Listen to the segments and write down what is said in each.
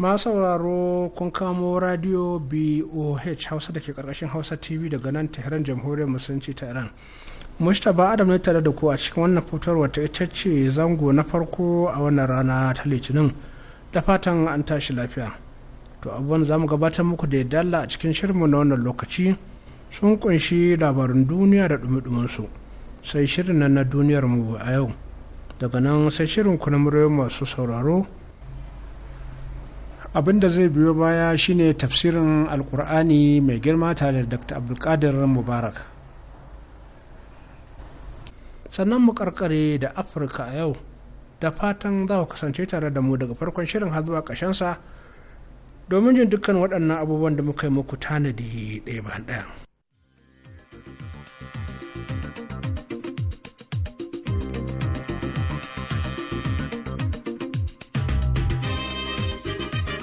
ma sauraro kun kamo radio boh hausa da ke karkashin hausa tv daga nan tehran jamhuriyar musulunci ta iran mustapha adam ne tare da ku a cikin wannan fitarwa ta ita ce zango na farko a wannan rana ta litinin da fatan an tashi lafiya to abubuwan za mu gabatar muku da dalla a cikin shirinmu na wannan lokaci sun kunshi labarin duniya da dumi su sai shirin nan na duniyar mu a yau daga nan sai shirin kuna masu sauraro abin da zai biyo baya shine tafsirin alkur'ani mai girma tare da dr abdulkadir mubarak sannan mu karkare da afirka a yau da fatan za ku kasance tare da mu daga farkon shirin har zuwa ƙashensa domin jin dukkan waɗannan abubuwan da muka yi muku tanadi ɗaya ba ɗaya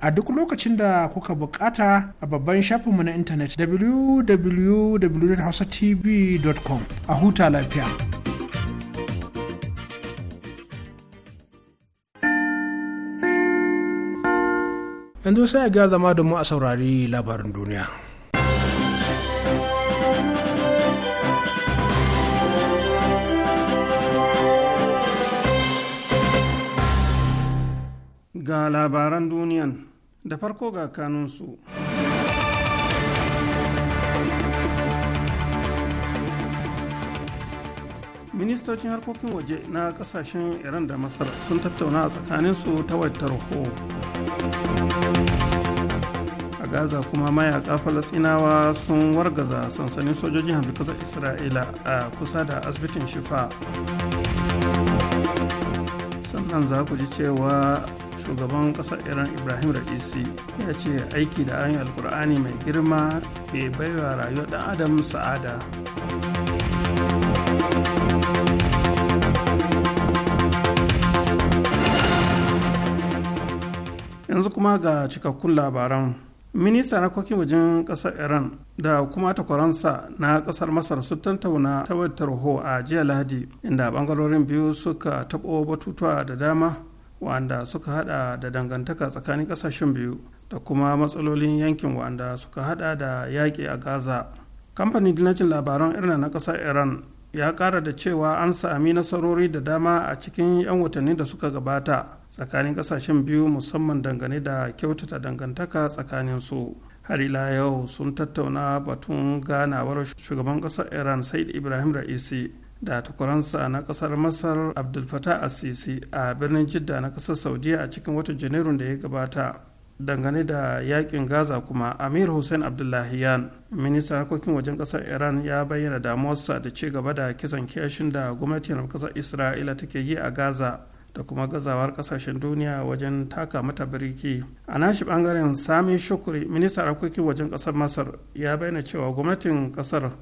a duk lokacin da kuka bukata a babban shafinmu na intanet www.hausatv.com a huta lafiya. yanzu sai a gyara zama domin a saurari labarin duniya. Ga labaran duniyan da farko ga kanunsu. ministocin harkokin waje na kasashen iran da masar sun tattauna a tsakaninsu ta wayar ho a gaza kuma mayaka falasinawa sun wargaza sansanin sojojin hamdukasar isra'ila a kusa da asibitin shifa sannan za ku ji cewa shugaban kasar iran ibrahim ra'isi ya ce aiki da ayin alkur'ani mai girma ke baiwa rayuwar dan adam sa'ada yanzu kuma ga cikakkun labaran minista na kwakin wajen kasar iran da kuma takwaransa na kasar masar su tattauna ta ho a jiya lahadi inda bangarorin biyu suka taɓo batutuwa da dama wanda suka hada da dangantaka tsakanin kasashen biyu da kuma matsalolin yankin wanda suka hada da yaƙi a gaza kamfanin dinacin labaran irna na ƙasar iran ya ƙara da cewa an sami nasarori da dama a cikin 'yan watanni da suka gabata tsakanin ƙasashen biyu musamman dangane da kyautata dangantaka tsakanin su har ila yau sun tattauna batun ganawar shugaban ƙasar iran said ibrahim ra'isi da takwaransa na kasar masar abdulfata assisi a birnin jidda na kasar saudiya a cikin watan janairun da ya gabata dangane da yakin gaza kuma amir hussein abdullahiyan ministan harkokin wajen kasar iran ya bayyana damuwarsa da ci gaba da kisan kiyashin da gwamnatin kasar isra'ila take yi a gaza da kuma gazawar kasashen duniya wajen taka mata birki. a nashi bangaren sami shukuri ministan harkokin wajen kasar masar ya bayyana cewa gwamnatin kasar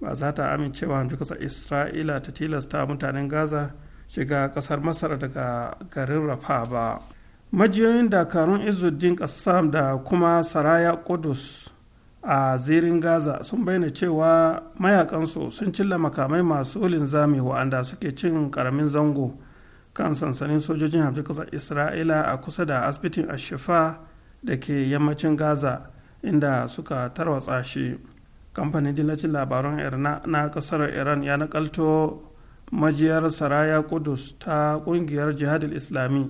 ba za ta amincewa hanci kasar isra'ila ta tilasta mutanen gaza shiga kasar masar daga garin rafa ba majiyoyin dakarun izudin kassam da kuma saraya kudus a zirin gaza sun bayyana cewa mayakansu sun cilla makamai masu linzami wa'anda suke cin karamin zango kan sansanin sojojin hamsin kasar isra'ila a kusa da asibitin ashifa da ke yammacin gaza inda suka tarwatsa shi kamfanin dillacin labaran irna na kasar iran ya nakalto majiyar saraya kudus ta kungiyar jihadul islami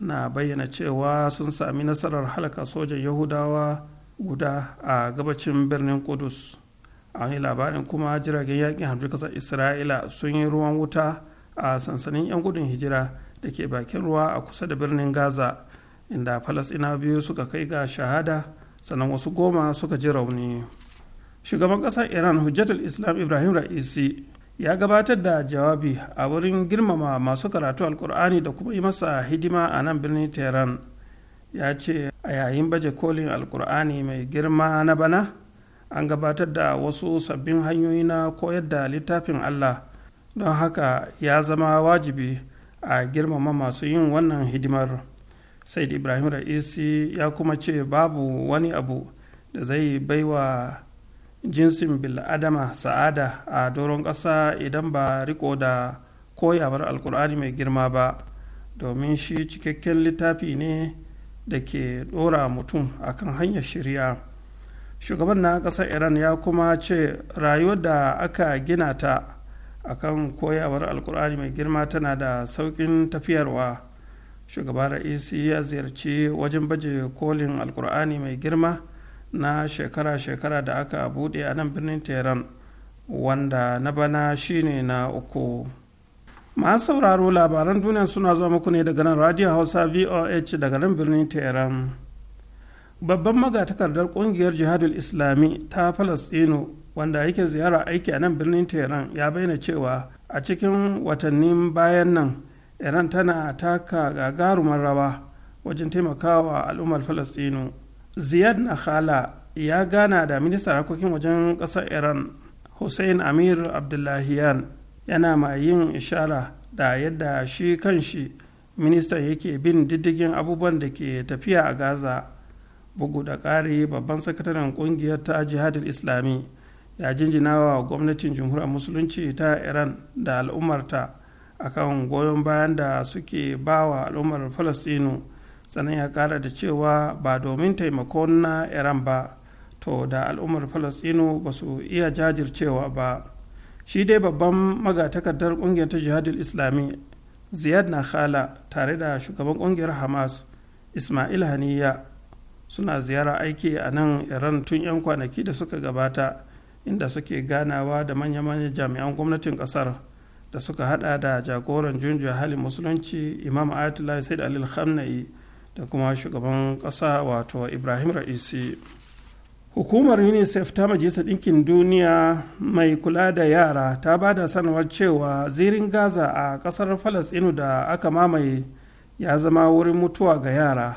na bayyana cewa sun sami nasarar halaka sojan yahudawa guda a gabacin birnin kudus a wani labarin kuma jiragen yakin hamsin kasar isra'ila sun yi ruwan wuta a sansanin 'yan gudun hijira da ke bakin ruwa a kusa da birnin gaza inda falasina biyu suka kai ga shahada sannan wasu goma suka ji rauni. shugaban ƙasar iran hujjatul islam ibrahim ra'isi ya gabatar da jawabi a wurin girmama masu karatu alkur'ani da kuma yi masa hidima a nan birnin tehran ya ce a yayin baje kolin alkur'ani mai girma na bana an gabatar da wasu sabbin hanyoyi na koyar da littafin allah don haka ya zama wajibi a girmama masu yin wannan hidimar said ibrahim ra'isi ya kuma ce babu wani abu da zai baiwa jinsin bil'adama sa'ada a doron ƙasa idan ba riko da koyawar alkur'ani mai girma ba domin shi cikakken littafi ne da ke ɗora mutum a kan hanyar shirya shugaban na ƙasar iran ya kuma ce rayuwar da aka gina ta akan koyawar alkur'ani mai girma tana da sauƙin tafiyarwa shugaba ra'isi ya ziyarci wajen baje kolin alkur'ani mai girma na shekara-shekara da aka bude a nan birnin tehran wanda na bana shine na uku masu sauraro labaran duniya suna zuwa muku ne daga nan radio hausa voh daga nan birnin tehran babban magatakardar kungiyar jihadul islami ta falastino wanda yake ziyara aiki a nan birnin tehran ya bayyana cewa a cikin watannin bayan nan iran tana taka gagarumar rawa wajen taimakawa al'ummar falastino ziyad nakhala ya gana da ministan harkokin wajen ƙasar iran hussein amir abdullahiyan yana ma yin ishara da yadda shi kanshi ministan yake bin diddigin abubuwan da ke tafiya a gaza bugu da ƙari babban sakataren ƙungiyar ta jihadin islami ya jinjina wa gwamnatin jamhuriyar musulunci ta iran da al'ummarta akan goyon bayan da suke bawa al'ummar falastinu sannan ya kara da cewa ba domin taimakon na iran ba to da al'ummar falastinu ba su iya jajircewa ba shi dai babban magatakardar kungiyar ta jihadul islami ziyad na khala tare da shugaban kungiyar hamas ismail haniya suna ziyara aiki a nan iran tun 'yan kwanaki da suka gabata inda suke ganawa da manya-manyan jami'an gwamnatin kasar da suka hada da jagoran junjiya halin musulunci imam ayatollah said alil khamnai da kuma shugaban kasa wato ibrahim ra'isi hukumar unicef ta majalisar ɗinkin duniya mai kula da yara ta ba da sanarwar cewa zirin gaza a ƙasar falasɗinu da aka mamaye ya zama wurin mutuwa ga yara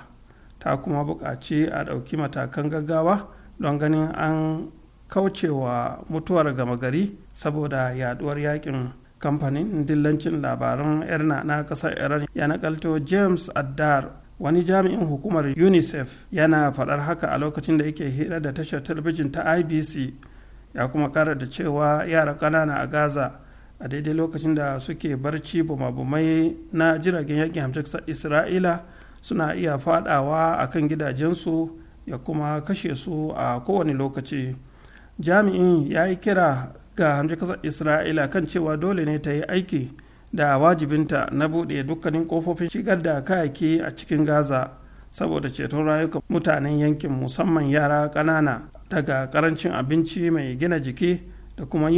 ta kuma buƙaci a ɗauki matakan gaggawa don ganin an kaucewa mutuwar gama gari saboda yaduwar yakin kamfanin dillancin labaran erna na ƙasar iran ya nakalto james addar wani jami'in hukumar unicef yana faɗar haka a lokacin da yake hira da tashar talabijin ta ibc ya kuma ƙara da cewa yara ƙanana a gaza a daidai lokacin da suke barci bumabumai na jiragen yakin hamsar isra'ila suna iya faɗawa a kan gidajensu ya kuma kashe su a kowane lokaci jami'in ya yi kira ga Kasar isra'ila kan cewa dole ne ta yi aiki da wajibinta na buɗe dukkanin ƙofofin shigar da kayaki a cikin gaza saboda ceton rayukan mutanen yankin musamman yara ƙanana daga ƙarancin abinci mai gina jiki da kuma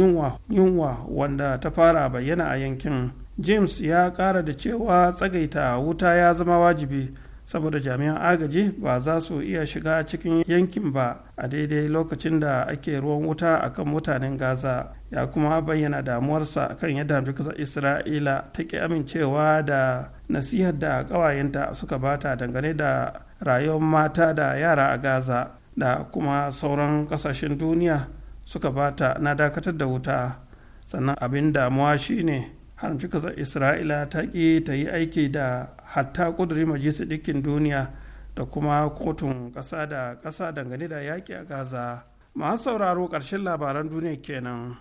yunwa wanda ta fara bayyana a yankin james ya ƙara da cewa tsagaita wuta ya zama wajibi saboda jami'an agaji ba za su iya shiga cikin yankin ba a daidai lokacin da ake ruwan wuta akan mutanen gaza ya kuma bayyana damuwarsa kan yadda amurka isra'ila ta ƙi amincewa da nasihar da ƙawayenta suka bata dangane da rayuwar mata da yara a gaza da kuma sauran ƙasashen duniya suka bata na dakatar da wuta sannan abin damuwa shine haramci ƙasar isra'ila ta ƙi ta yi aiki da hatta kudurin majalisar dikin duniya da kuma kotun ƙasa da ƙasa dangane da yaƙi a gaza masu sauraro ƙarshen labaran duniya kenan.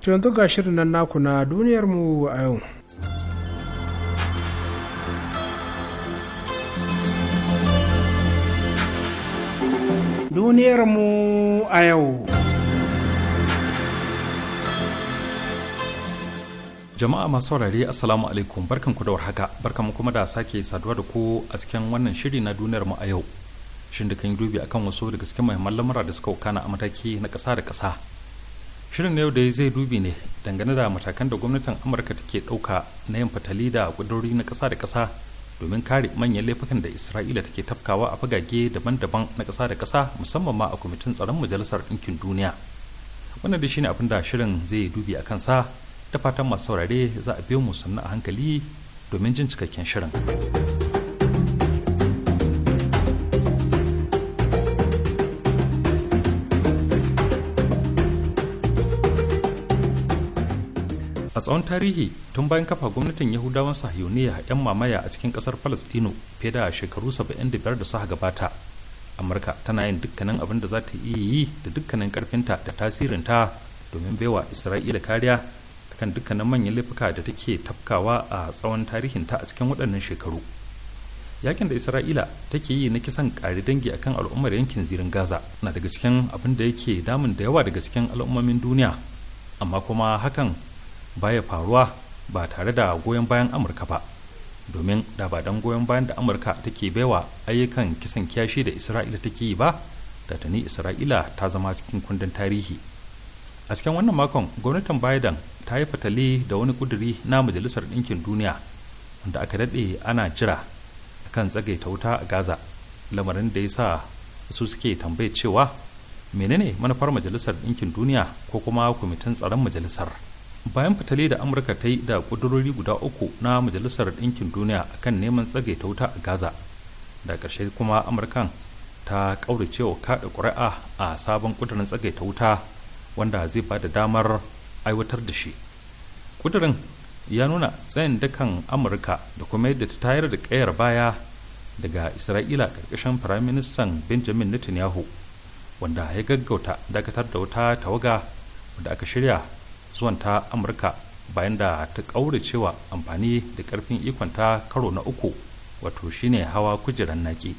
To yanzu ga shirin nan naku na duniyarmu a yau. Duniyarmu a yau. jama'a masu saurare assalamu alaikum barkan ku da warhaka barkan mu kuma da sake saduwa da ku a cikin wannan shiri na duniyar mu a yau shin da kan yi dubi akan wasu daga cikin muhimman lamura da suka wakana a mataki na ƙasa da ƙasa shirin na yau da zai dubi ne dangane da matakan da gwamnatin amurka take ɗauka na yin fatali da ƙudurori na ƙasa da ƙasa domin kare manyan laifukan da isra'ila take tafkawa a fagage daban-daban na ƙasa da ƙasa musamman ma a kwamitin tsaron majalisar ɗinkin duniya wannan da shine abin da shirin zai dubi a kansa da fatan masu saurare za a biyo mu sannu a hankali domin jin cikakken shirin. a tsawon tarihi tun bayan kafa gwamnatin yahudawan sahiyoniya 'yan mamaya a cikin kasar palestino fiye da shekaru 75 da suka gabata amurka tana yin dukkanin abin da za ta iya yi da dukkanin karfinta da tasirinta domin baiwa isra'ila kariya kan dukkanin manyan laifuka da take tafkawa a tsawon tarihinta a cikin waɗannan shekaru yakin da isra'ila take yi na kisan ƙari dangi akan al'ummar yankin zirin gaza na daga cikin abin da yake damun da yawa daga cikin al'ummomin duniya amma kuma hakan baya faruwa ba tare da goyon bayan amurka ba domin da ba don goyon bayan da amurka take baiwa ayyukan kisan kiyashi da isra'ila take yi ba da tani isra'ila ta zama cikin kundin tarihi a cikin wannan makon gwamnatin biden ta yi fatali da wani kuduri na majalisar ɗinkin duniya wanda aka daɗe ana jira kan tsagaita wuta a gaza lamarin da ya sa su suke tambaye cewa menene manufar majalisar ɗinkin duniya ko kuma kwamitin tsaron majalisar bayan fatali da amurka ta yi da ƙudurori guda uku na majalisar ɗinkin duniya kan neman tsagaita wuta a gaza da ƙarshe kuma amurkan ta ƙauracewa kaɗa ƙuri'a a sabon ƙudurin tsagaita wuta wanda zai ba da damar aiwatar da shi ƙudurin ya nuna tsayin dakan amurka da kuma yadda ta tayar da ƙayar baya daga isra'ila ƙarƙashin firaministan benjamin netanyahu wanda ya gaggauta dakatar da wata tawaga wadda aka shirya zuwan ta amurka bayan da ta kaure cewa amfani da ƙarfin ikonta karo na uku wato shine hawa kujeran naki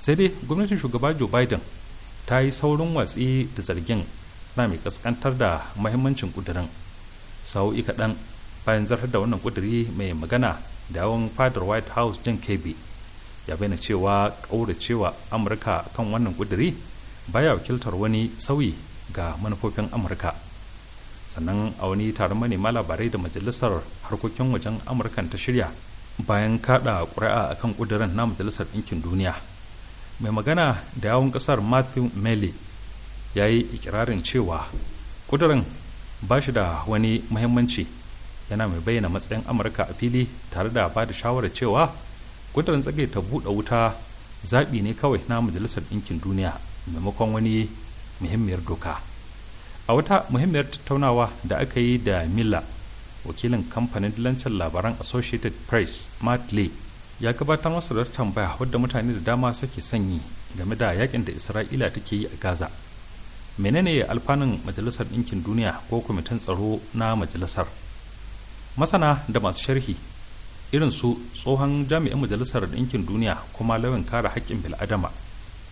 sai dai gwamnatin shugaba joe biden ta yi saurin watsi da zargin na mai kaskantar da mahimmancin kudirin sau'i kaɗan bayan zartar da wannan kudiri mai magana da yawan fadar white house john kirby ya bayyana cewa ƙauracewa amurka kan wannan kudiri baya wakiltar wani sauyi ga manufofin amurka sannan a wani taron manema labarai da majalisar harkokin wajen amurkan ta shirya bayan kada ƙuri'a kan kudirin na majalisar ɗinkin duniya mai magana da yawon ƙasar matthew melly ya yi ikirarin cewa kudurin ba shi da wani muhimmanci yana mai bayyana matsayin amurka a fili tare da ba da shawarar cewa kudurin tsage ta buɗe wuta zaɓi ne kawai na majalisar ɗinkin duniya maimakon wani muhimmiyar doka a wata muhimmiyar tattaunawa da aka yi da mila wakilin kamfanin dilancin labaran associated press matt lee ya gabatar masa da tambaya wadda mutane da dama suke sanyi game da yakin da isra'ila take yi a gaza menene alfanun majalisar ɗinkin duniya ko kwamitin tsaro na majalisar masana da masu sharhi irin su tsohon jami'in majalisar ɗinkin duniya kuma lauyan kare haƙƙin bil'adama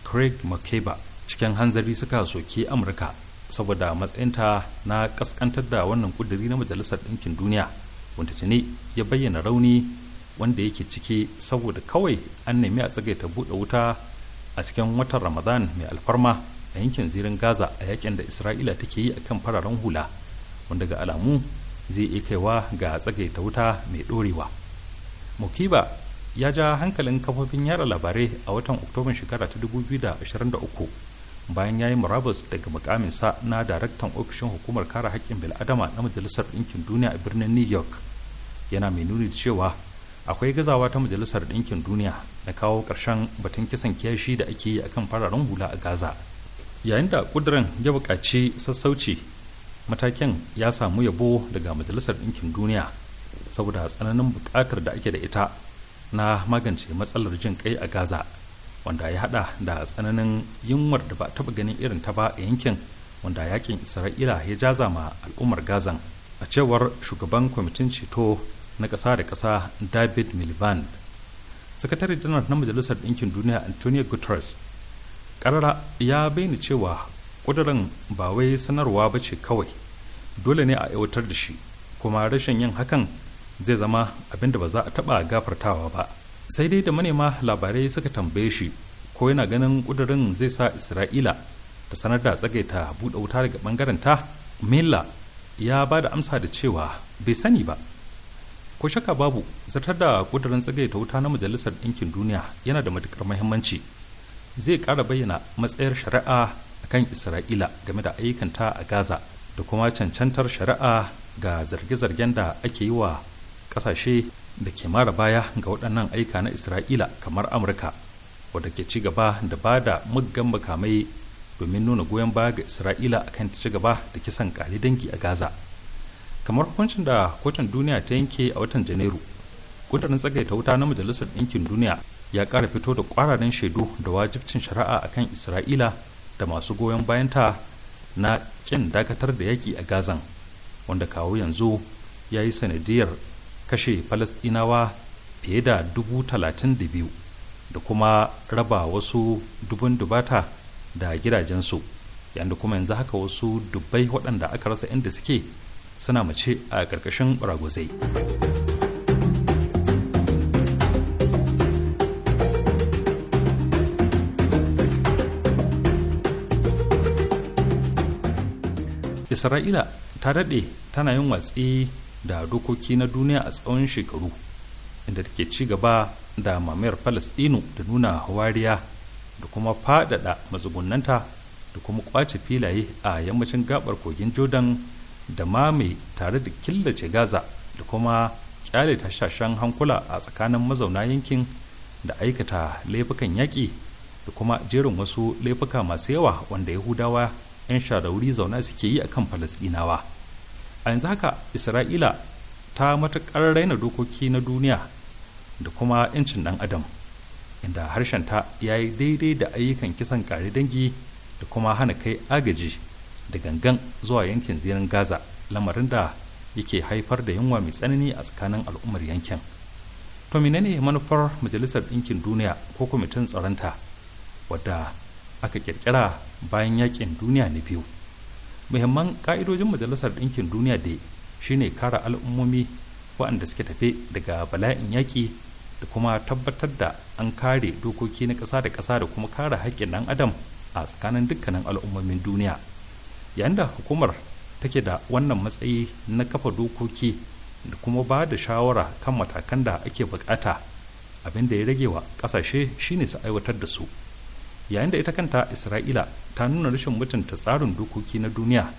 craig makeba. cikin hanzari suka soke amurka saboda matsayinta na ƙasƙantar da wannan ƙuduri na majalisar ɗinkin duniya wanda tuni ya bayyana rauni wanda yake cike saboda kawai an nemi a tsagaita buɗe wuta a cikin watan ramadan mai alfarma a yankin zirin gaza a yakin da isra'ila take yi akan fararen hula wanda ga alamu zai iya kaiwa ga tsagaita wuta mai dorewa mukiba ya ja hankalin kafofin yada labarai a watan oktoban shekara ta 2023 bayan ya yi murabus daga mukaminsa na daraktan ofishin hukumar kare haƙƙin bil'adama na majalisar ɗinkin duniya a birnin new york yana mai nuni da cewa akwai gazawa ta majalisar ɗinkin duniya na kawo ƙarshen batun kisan kiyashi da ake yi akan fararen hula a gaza yayin da kudirin ya buƙaci sassauci matakin ya samu yabo daga majalisar ɗinkin duniya saboda tsananin buƙatar da ake da ita na magance matsalar jin kai a gaza wanda ya hada da tsananin yunwar da ba taɓa ganin irin ta ba a yankin wanda yakin isra'ila ya jaza ma al'ummar gazan a cewar shugaban kwamitin ceto na ƙasa da ƙasa david milvand sakatare janar na majalisar ɗinkin duniya antonio guterres karara ya bayyana cewa ƙudurin ba wai sanarwa ba ce kawai dole ne a aiwatar da shi kuma rashin yin hakan zai zama abin da ba za a taɓa gafartawa ba sai dai da manema labarai suka tambaye shi ko yana ganin ƙudurin zai sa isra'ila ta sanar da tsagaita buɗe wuta daga ɓangaren ta milla ya ba da amsa da cewa bai sani ba ko shaka babu zartar da ƙudurin tsagaita wuta na majalisar ɗinkin duniya yana da matuƙar muhimmanci zai ƙara bayyana matsayar shari'a a kan isra'ila game da ayyukanta a gaza da kuma cancantar shari'a ga zarge-zargen da ake yi wa ƙasashe da ke mara baya ga waɗannan aika na isra'ila kamar amurka wadda ke ci gaba da ba da muggan makamai domin nuna goyon baya ga isra'ila akan kan ci gaba da kisan ƙali dangi a gaza kamar hukuncin da kotun duniya ta yanke a watan janairu gudanar tsagaita wuta na majalisar ɗinkin duniya ya ƙara fito da ƙwararren shaidu da wajibcin shari'a a kan isra'ila da masu goyon bayanta na ƙin dakatar da yaƙi a gazan wanda kawo yanzu ya yi sanadiyar kashe falasɗinawa fiye da dubu talatin da biyu da kuma raba wasu dubun dubata da gidajensu yadda kuma yanzu haka wasu dubbai waɗanda aka rasa inda suke suna mace a ƙarƙashin baragwazai. isra'ila ta daɗe tana yin watsi da dokoki na duniya a tsawon shekaru inda take ci gaba da mamayar falasɗinu da nuna wariya da kuma faɗaɗa matsugunanta da kuma ƙwace filaye a yammacin gabar kogin jordan da mame tare da killace gaza da kuma kyale tashashen hankula a tsakanin mazauna yankin da aikata laifukan yaƙi da kuma jerin wasu laifuka masu yawa wanda yahudawa 'yan sharauri zauna suke yi a kan falasɗinawa a yanzu haka isra'ila ta matuƙar raina dokoki na duniya da kuma 'yancin ɗan adam inda harshen ta ya yi daidai da ayyukan kisan kare dangi da kuma hana kai agaji da gangan zuwa yankin zirin gaza lamarin da yake haifar da yunwa mai tsanani a tsakanin al'ummar yankin to menene manufar majalisar ɗinkin duniya ko kwamitin tsaronta wadda aka kirkira bayan yakin duniya na biyu muhimman ka'idojin majalisar ɗinkin duniya da shine kare al'ummomi waɗanda suke tafe daga bala'in yaƙi da kuma tabbatar da an kare dokoki na ƙasa da ƙasa da kuma kare haƙƙin ɗan adam a tsakanin dukkanin al'ummomin duniya yayin da hukumar take da wannan matsayi na kafa dokoki da kuma ba da shawara kan matakan da ake bukata abin da ya rage wa ƙasashe shine su aiwatar da su yayin da ita kanta isra'ila ta nuna rashin mutunta tsarin dokoki na duniya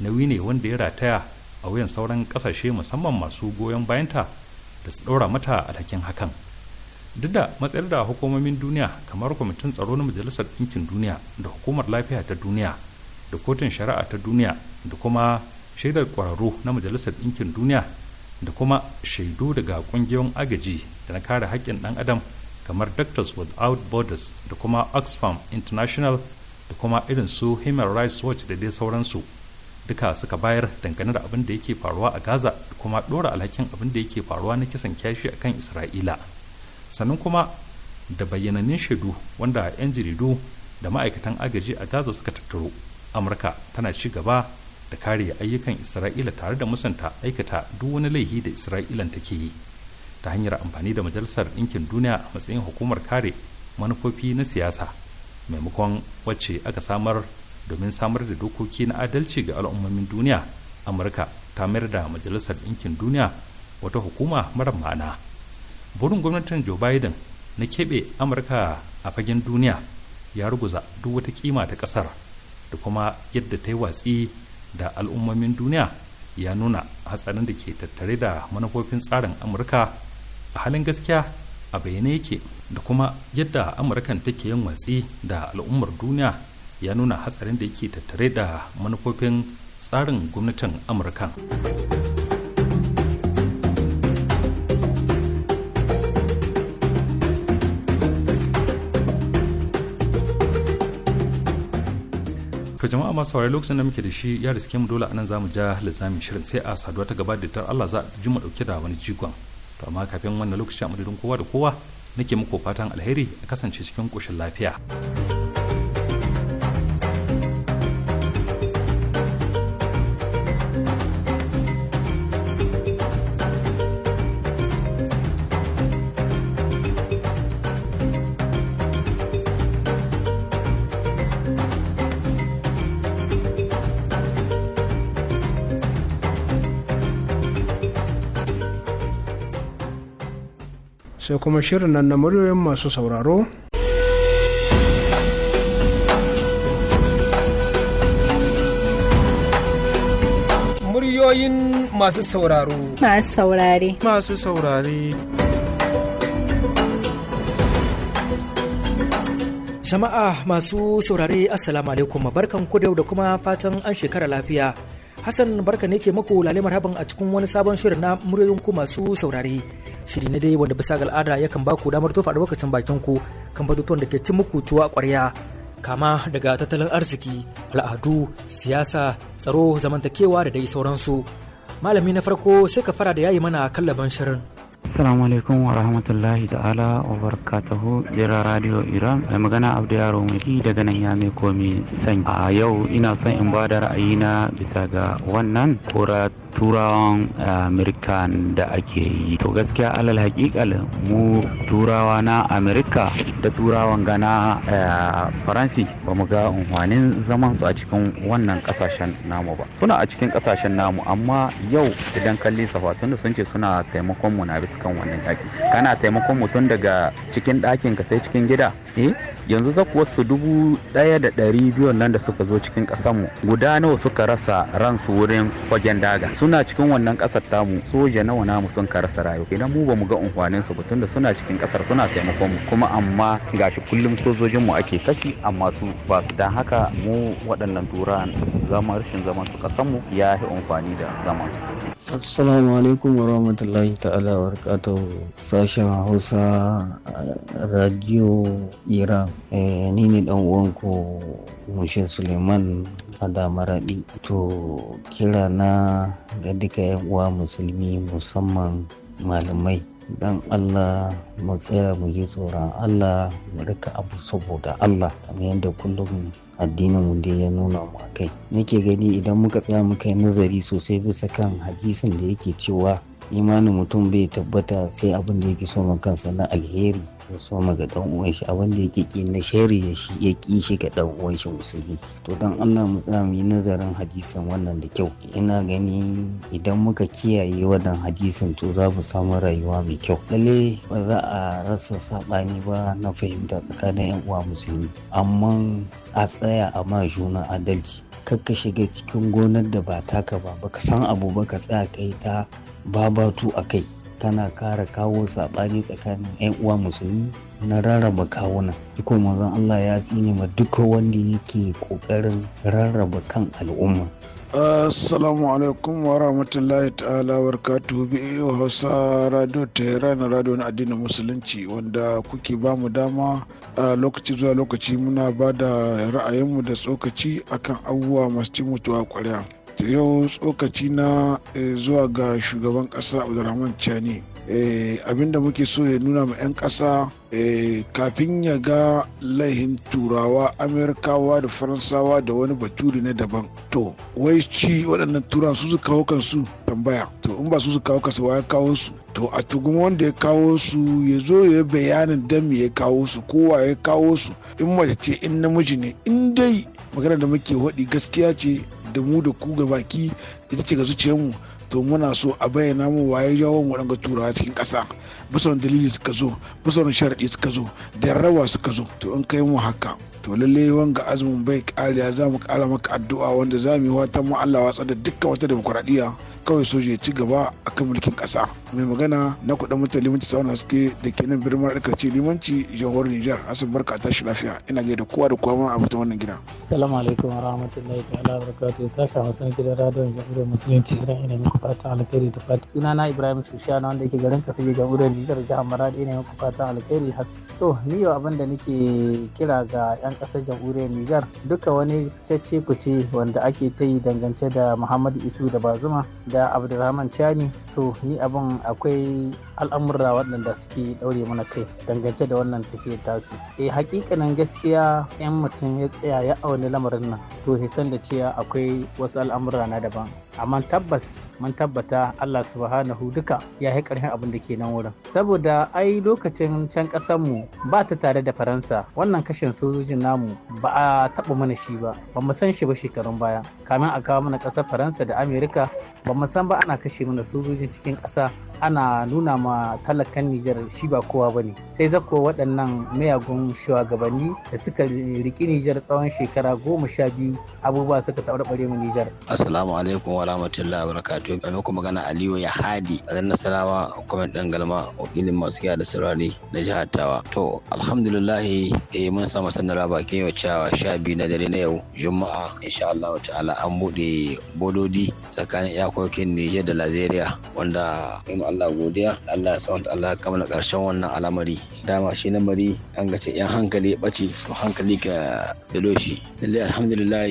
nauyi ne wanda ya rataya a wuyan sauran kasashe musamman masu goyon bayanta da su ɗora mata alhakin hakan duk da matsayar da hukumomin duniya kamar kwamitin tsaro na majalisar ɗinkin duniya da hukumar lafiya ta duniya da kotun shari'a ta duniya da kuma shaidar ƙwararru na majalisar ɗinkin duniya da kuma shaidu daga ƙungiyoyin agaji da na kare haƙƙin ɗan adam kamar doctors without borders da kuma oxfam international da kuma irin su human rights watch da dai sauransu duka suka bayar dangane da abin da yake faruwa a gaza da kuma dora alhakin abin da yake faruwa na kisan kyashi kan isra'ila sannan kuma da bayyananin shaidu wanda 'yan jaridu da ma'aikatan agaji a gaza suka tattaro amurka tana ci gaba da kare ayyukan isra'ila tare da musanta aikata duk wani laihi da isra'ilan take yi ta hanyar amfani da majalisar ɗinkin duniya a matsayin hukumar kare manufofi na siyasa maimakon wacce aka samar domin samar da dokoki na adalci ga al'ummomin duniya amurka ta mayar da majalisar ɗinkin duniya wata hukuma mara ma'ana burin gwamnatin joe biden na keɓe amurka a fagen duniya ya ruguza duk wata kima ta ƙasar da kuma yadda ta yi watsi da al'ummomin duniya ya nuna hatsarin da ke tattare da manufofin tsarin amurka a halin gaskiya a bayyane yake da kuma yadda amurkan take yin watsi da al'ummar duniya ya nuna hatsarin da yake tattare da manufofin tsarin gwamnatin amurkan to jama'a masu saurari lokacin da muke da shi ya riske mu dole anan mu ja lissamin shirin sai a saduwa ta gaba da tar Allah za a ji mu dauke da wani jigon to amma kafin wannan lokaci a madadin kowa da kowa nake muku fatan alheri a kasance cikin ƙoshin lafiya. sai kuma shirin nan na muryoyin masu sauraro muryoyin masu sauraro masu saurare masu saurare Jama'a masu saurare Assalamu alaikum barkan ku da kuma fatan an shekara lafiya. Hassan barka ne ke muku lalimar haban a cikin wani sabon shirin na muryoyin ku masu saurare. shiri ne dai wanda bisa ga al'ada yakan ba ku damar tofa albarkacin bakin ku kan batutuwan da ke cin muku tuwa ƙwarya kama daga tattalin arziki al'adu siyasa tsaro zamantakewa da dai sauransu malami na farko sai ka fara da yayi mana kallaban shirin Assalamu alaikum wa rahmatullahi ta'ala wa barakatuhu jira radio Iran mai magana Abdu Yaro Mai daga nan ya mai komi sanya a yau ina son in ba da ra'ayi na bisa ga wannan kora turawan amerika da ake yi to gaskiya alal hakikal mu turawa na amerika da turawan gana eh, faransi ba mu ga unhwanin zaman su a cikin wannan kasashen namu ba suna a cikin kasashen namu amma yau idan kalli safa tunda sun ce suna taimakon mu na kan wannan yaki kana taimakon mu tun daga cikin ɗakin ka sai cikin gida eh yanzu za ku wasu dubu ɗaya da ɗari biyu nan da suka zo cikin ƙasar guda nawa suka rasa ransu wurin fagen daga suna cikin wannan kasar tamu soja nawa namu sun karasa rayu idan mu bamu ga unhwanin su tunda suna cikin ƙasar suna taimakon mu kuma amma gashi kullum sojojin mu ake kashi amma su ba su dan haka mu waɗannan turan zama rashin zaman su kasan mu ya yi amfani da zaman su assalamu alaikum wa rahmatullahi ta'ala wa barakatuhu sashen Hausa radio Iran eh, ni ne dan uwanku Mushin Suleiman da maraɗi to kira na ga duka 'yan uwa musulmi musamman malamai dan Allah mu tsaya mu ji tsoron Allah mu rika abu saboda Allah kamar yadda kullum addinin mu dai ya nuna mu akai nake gani idan muka tsaya muka yi nazari sosai bisa kan hadisin da yake cewa imanin mutum bai tabbata sai abin da yake so kansa na alheri ya soma ga dan uwan shi abin da yake ki na shari ya shi ya ki shi ga dan uwan shi musulmi to dan Allah mu tsaya mu yi nazarin hadisin wannan da kyau ina gani idan muka kiyaye wannan hadisin to za mu samu rayuwa mai kyau lalle ba za a rasa sabani ba na fahimta tsakanin yan uwa musulmi amma a tsaya a ma juna adalci Kar ka shiga cikin gonar da ba taka ba ba ka san abu ba ka tsaya kai ta babatu a kai tana ƙara kawo saɓani tsakanin 'yan uwa musulmi na rarraba kawuna iko manzon Allah ya tsine ma duk wanda yake ƙoƙarin rarraba kan al'umma Assalamu alaikum wa rahmatullahi ta'ala wa barakatuhu Hausa Radio Tehran Radio na addinin Musulunci wanda kuke ba mu dama a lokaci zuwa lokaci muna ba da ra'ayinmu da tsokaci akan abubuwa masu cin mutuwa ƙwarya. yau tsokaci na eh, zuwa ga shugaban kasa abdulrahman chani eh, abinda muke so ya nuna ma 'yan ƙasa eh, kafin ya ga laihin turawa amerikawa da faransawa da wani baturi na daban to wai ci waɗannan turan su su kawo kansu tambaya to in ba su su kawo kansu ya kawo su to a tugun wanda ya kawo su ya zo ya bayanin dan me ya kawo su kowa ya kawo su in mace ce in namiji ne in dai magana da muke waɗi gaskiya ce da mu da ku ga baki ita ce ga mu to muna so a bayyana mu waye yawon waɗanga turawa cikin ƙasa bisa wani dalili suka zo bisa wani sharaɗi suka zo da yarrawa suka zo to in kai mu haka to lalle wanga azumin bai ƙariya za mu ƙara maka addu'a wanda za mu yi watan mu Allah watsa da dukkan wata demokradiya kawai soja ya ci gaba akan mulkin ƙasa. mai magana na kuɗin mutan limanci sauna suke da ke nan birnin marɗakaci limanci jihohar nijar asin barka ta shi lafiya ina gaida kowa da kowa ma a fita wannan gida. salamu alaikum wa rahmatullahi ta'ala wa barakatuhu sashen wasan gidan radiyon jamhuriyar musulunci iran ina muku fatan alkhairi da Suna na ibrahim shushana wanda yake garin kasar jamhuriyar nijar jihar maradi ina muku fatan alkhairi has to ni yau abin da nake kira ga yan kasar jamhuriyar nijar duka wani cece kuce wanda ake ta yi dangance da muhammadu isu da bazuma da abdulrahman chani to ni abin akwai al'amurra waɗanda suke ɗaure mana kai dangance da wannan tafiyar tasu e hakikanin gaskiya yan mutum ya tsaya ya auni lamarin nan to hisan da cewa akwai wasu al'amurra na daban amma tabbas mun tabbata Allah subhanahu duka ya yi karfin abin da ke nan wurin saboda ai lokacin can mu ba ta tare da faransa wannan kashin sojojin namu ba a taɓa mana shi ba ba mu san shi ba shekarun baya kamin a kawo mana ƙasar faransa da amerika ba mu san ba ana kashe mana sojojin cikin ƙasa ana nuna ma talakan Nijar shi ba kowa ba ne sai zako waɗannan mayagun shugabanni da suka riƙi Nijar tsawon shekara goma sha biyu abubuwa suka taɓarɓare mu Nijar. Assalamu alaikum wa rahmatullahi wa barakatuh. Bai muku magana Aliyu ya hadi a Nasarawa kwamit ɗan galma wakilin masu da saurari na jihar Tawa. To alhamdulillah eh mun samu sanarwa bakin yau cewa sha biyu na dare na yau Juma'a insha Allah ta'ala an buɗe bododi tsakanin 'ya harkokin Nijar da Lazeriya wanda in Allah godiya Allah ya tsawon Allah kamar karshen wannan al'amari dama shi mari an ta yan hankali bace to hankali ka dalo shi lalle alhamdulillah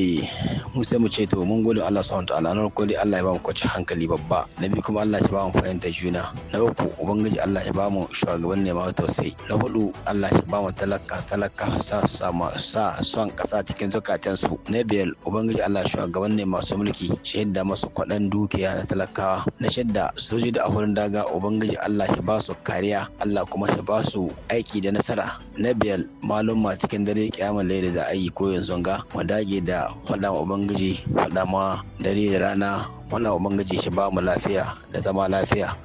mu sai mu ce to mun gode Allah ya wa Allah na farko dai Allah ya ba mu kwace hankali babba na biyu kuma Allah ya ba mu fahimtar juna na uku ubangiji Allah ya ba mu shugaban ne ma tausayi na hudu Allah ya ba mu talaka talaka sa sa sa son kasa cikin zukatan na biyar ubangiji Allah shugaban ne masu mulki shaida masu kwadan duki dukiya na talakawa na shidda soji da ahurin daga ubangiji Allah shi ba su kariya Allah kuma shi ba su aiki da nasara na biyar ma cikin dare kiyamar laili da ayi ko yanzu ga mu dage da faɗa ubangiji faɗa ma dare da rana wannan ubangiji shi ba mu lafiya da zama lafiya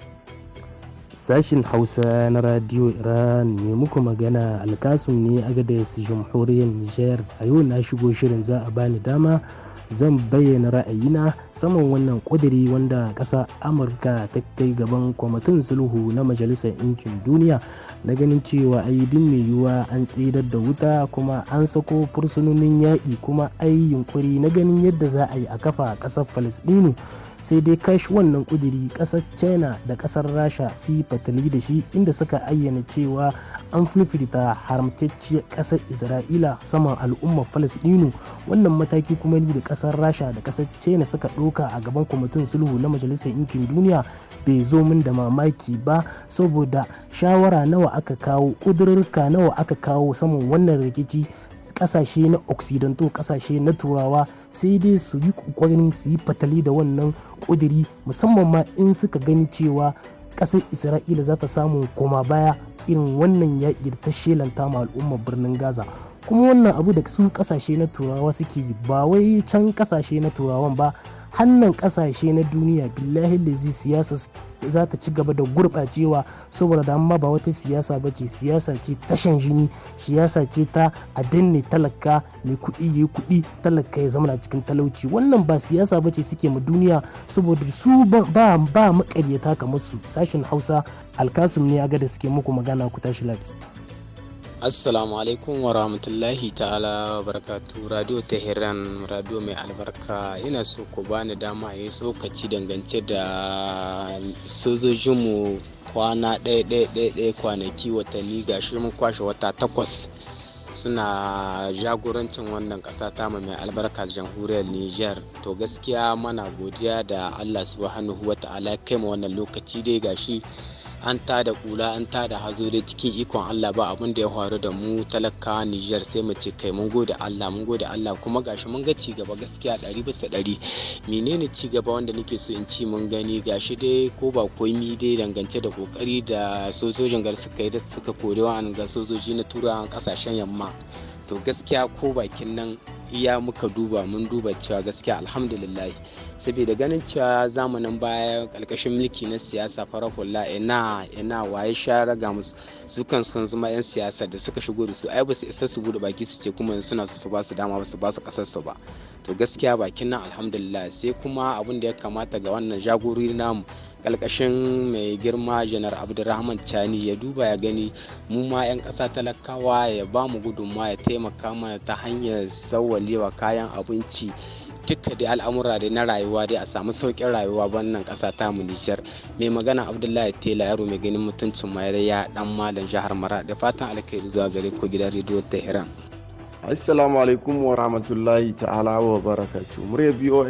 sashin hausa na radio iran ne muku magana alkasum ne a su jamhuriyar niger a yau na shigo shirin za a bani dama zan bayyana ra'ayina saman wannan ƙudiri wanda ƙasa amurka ta kai gaban kwamitin sulhu na majalisar ɗinkin duniya na ganin cewa ai duk mai yiwuwa an tsidar da wuta kuma an sako fursunonin yaƙi kuma ai yunƙuri na ganin yadda za a yi a kafa ƙasar falasɗinu sai dai kashi wannan kudiri kasar china da kasar rasha su yi fatali da shi inda suka ayyana cewa an fifita haramtacciyar kasar isra'ila saman al'ummar falasdinu wannan mataki kuma ne da kasar rasha da kasar china suka ɗauka a gaban kwamitin sulhu na majalisar yankin duniya bai zo min da mamaki ba saboda shawara nawa aka kawo ƙudurruka nawa aka kawo saman wannan rikici kasashe na occidental kasashe na turawa sai dai su yi kokarin su yi fatali da wannan kudiri musamman ma in suka gani cewa kasar isra'ila za ta samu koma baya irin wannan yaƙi da ta shelanta ma al'ummar birnin gaza kuma wannan abu da su kasashe na turawa suke ba wai can kasashe na turawan ba hannun kasashe na duniya billahi lazi siyasa za ta ci gaba da gurɓacewa saboda amma ba wata siyasa ba ce siyasa ce tashan jini siyasa ce ta a danne talaka mai kuɗi ya kuɗi talaka ya zama cikin talauci wannan ba siyasa ba ce suke ma duniya saboda su ba ba makaryata kamar su sashen hausa alkasum ne ya ga da suke muku magana ku tashi lafiya assalamu alaikum wa rahmatullahi ta'ala wa barakatu radio tehran radio mai albarka ina so ku bani dama yi tsokaci dangance da sojojinmu kwana ɗaya kwanaki watanni gashi mun kwashe wata takwas suna jagorancin wannan ƙasa ta mai albarka jamhuriyar Nijar to gaskiya mana godiya da Allah subhanahu wa ta'ala kai ma wannan lokaci dai gashi an ta da kula an ta da hazo dai cikin ikon Allah ba abin da ya faru da mu talakawa Nijar sai mu ce kai mun gode Allah mun gode Allah kuma gashi mun ga cigaba gaskiya ɗari bisa ɗari menene cigaba wanda nake so in ci mun gani gashi dai ko ba komi dai dangance da kokari da sojojin gar suka yi da suka kore wa'an ga sojoji na turawan kasashen yamma to gaskiya ko bakin nan iya muka duba mun duba cewa gaskiya alhamdulillah saboda ganin cewa zamanin baya ƙarƙashin mulki na siyasa farar hula ina ina waye shara ga musu su kan sun zama 'yan siyasa da suka shigo da su ai ba su isa su bude baki su ce kuma suna su ba su dama ba su ba su kasar ba to gaskiya bakin nan alhamdulillah sai kuma abin da ya kamata ga wannan jagorori namu kalkashin mai girma janar abdulrahman chani ya duba ya gani mu ma 'yan ƙasa talakawa ya ba mu gudunma ya taimaka mana ta hanyar sawalewa kayan abinci dukkan da al'amura da na rayuwa dai a samu saukin rayuwa wannan ƙasa ta mu Nijar mai magana Abdullahi Tela yaro mai ganin mutuncin mayar ya dan malam jihar Mara da fatan alkhairi zuwa gare ku gidan Radio Tehran assalamu alaikum wa rahmatullahi ta'ala wa barakatu murya boh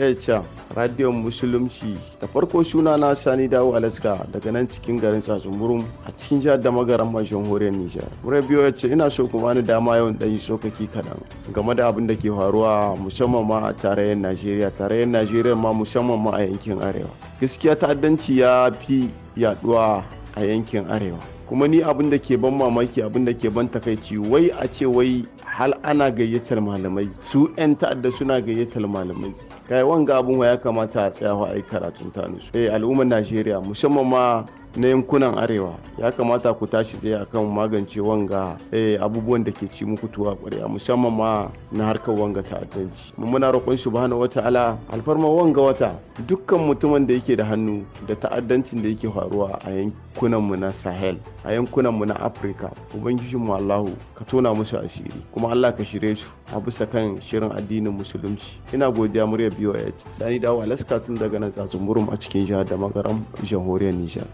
radio musulunci da farko suna na sani dawo alaska daga nan cikin garin tsatsun a cikin jihar da magaran mashin horiyar nijar murya boh ina so kuma ni dama yawan yi sokaki kaɗan game da abin da ke faruwa musamman ma a tarayyar najeriya tarayyar najeriya ma musamman ma a yankin arewa gaskiya ta'addanci ya fi yaduwa a yankin arewa kuma ni abin da ke ban mamaki abin da ke ban takaici wai a ce wai hal ana gayyatar malamai su 'yan ta'adda suna gayyatar malamai kai wanga abin ya kamata a tsaya a yi karatun ta nusu eh, al'ummar najeriya musamman ma na yankunan arewa ya kamata ku tashi tsaye akan magance wanga eh, abubuwan da ke ci muku tuwa ƙwarya musamman ma na harkar wanga ta'addanci muna roƙon wata ala, alfarma wanga wata dukkan mutumin da yake da hannu da ta'addancin da yake faruwa a yankunan mu na sahel a yankunan mu na afirka ubangiji mu allahu ka tona musu asiri kuma allah ka shirye su a bisa kan shirin addinin musulunci ina godiya murya biyu a sani dawo alaska tun daga nan tsatsun a cikin jihar da magaram jamhuriyar nijar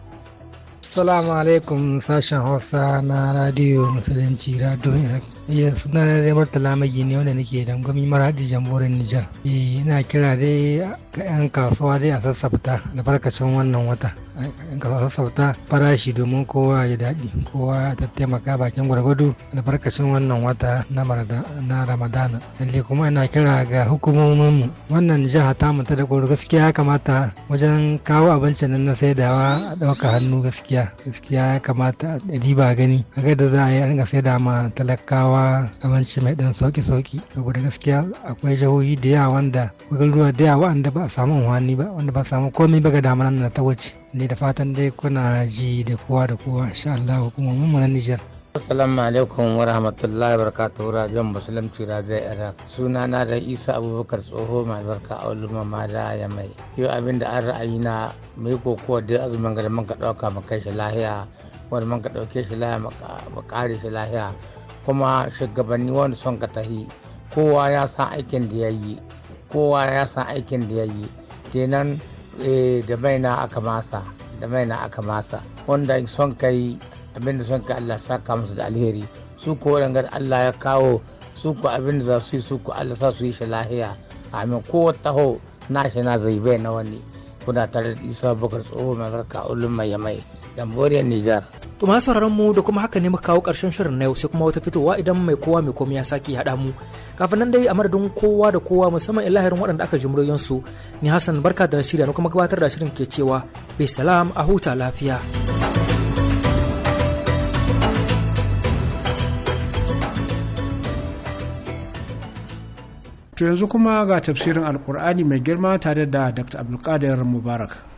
Salamu alaikum sashen Hausa na radiyo Musulunci Radio Iraq. Iya eh, suna da Murtala Magi ne wanda nake da gwami maradi jamhuriyar Nijar. Eh, ina kira dai ga 'yan kasuwa dai a sassafta albarkacin wannan wata. Ka kasa sassauta farashi domin kowa ya daɗi kowa ta taimaka bakin gwargwado albarkacin wannan wata na ramadana lalle kuma ina kira ga hukumominmu wannan jiha ta mu da gwargwado gaskiya ya kamata wajen kawo abincin nan na saidawa a ɗauka hannu gaskiya gaskiya ya kamata a riba gani a ga za a yi a saida ma talakawa abinci mai ɗan sauki-sauki saboda gaskiya akwai jihohi da yawa wanda gwargwado da yawa wanda ba a samu wani ba wanda ba a samu komai ba ga nan na ta wuce ne da fatan dai kuna ji da kowa da kowa insha Allah kuma mu na Nijar Assalamu alaikum wa rahmatullahi wa barakatuhu rajon musulunci rajon iran Suna na da Isa Abubakar Tsoho mai barka a ulama da ya mai. Yau abin da an ra'ayi na mai kokowa da azumin gari man ka ɗauka mu kai shi lahiya wani man ka ɗauke shi lahiya mu kare shi lahiya kuma shugabanni wani son ka tahi kowa ya san aikin da ya yi kowa ya san aikin da ya yi kenan eh da maina aka masa da maina aka masa wanda son kai abinda son kai Allah saka musu da alheri su ko rangar Allah ya kawo su ko abinda za su yi su ko Allah sa su yi shi lahiya amin ko ho na shi na zai bai na wani kuna tare da Isa Bakar tsoho mai barka ulun mai mai jamhuriyar Nijar. To sauraron mu da kuma haka ne muka kawo ƙarshen shirin na yau sai kuma wata fitowa idan mai kowa mai komai ya sake haɗa mu. Kafin nan dai a madadin kowa da kowa musamman ilahirin waɗanda aka ji su ni Hassan barka da nasira na kuma gabatar da shirin ke cewa bai salam a huta lafiya. To yanzu kuma ga tafsirin Alƙur'ani mai girma tare da Dr. Abdulkadir Mubarak.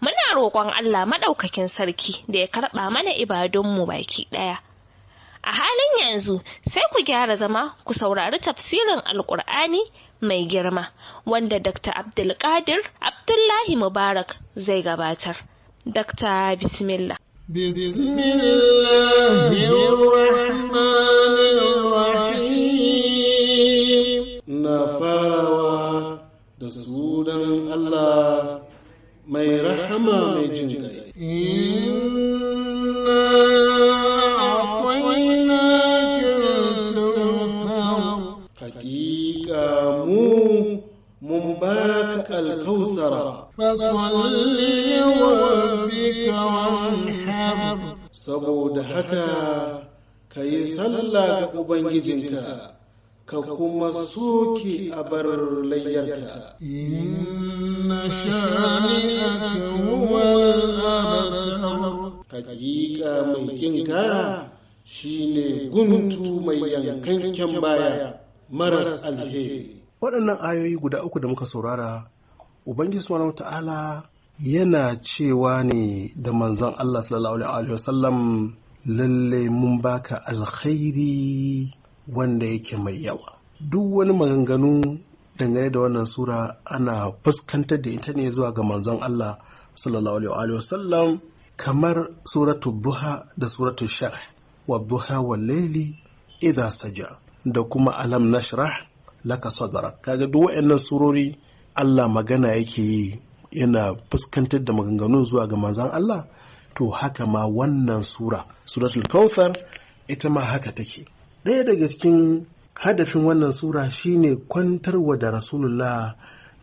muna roƙon Allah maɗaukakin sarki da ya karɓa mana ibadunmu baki ɗaya. A halin yanzu sai ku gyara zama ku saurari tafsirin Alƙur'ani mai girma wanda Dr. Abdulkadir Abdullahi Mubarak zai gabatar. Dr. Bismillah. بسم da sunan Allah mai rahama mai jin ƙai. Hakika mu mun ba ka alkausara. Saboda haka ka yi sallah ga Ubangijinka. ka kuma soke a bar layyarka. Inna shani'aka huwal Hakika mai shi shine guntu mai yankankan baya maras alheri. Waɗannan ayoyi guda uku da muka saurara, Ubangiji Suwana ta'ala yana cewa ne da manzon Allah sallallahu alaihi wasallam lalle mun baka alkhairi wanda yake mai yawa duk wani maganganu dangane da wannan sura ana fuskantar da ita ne zuwa ga manzon Allah sallallahu alaihi sallam kamar suratu buha da suratu Sharh, wa buha wa layli idha saja da kuma alam nashrah laka sadra kaga duk wayannan surori Allah magana yake yi yana fuskantar da maganganu zuwa ga manzon Allah to haka ma wannan sura suratul kautsar ita ma haka take ɗaya daga cikin hadafin wannan sura shine kwantarwa da rasulullah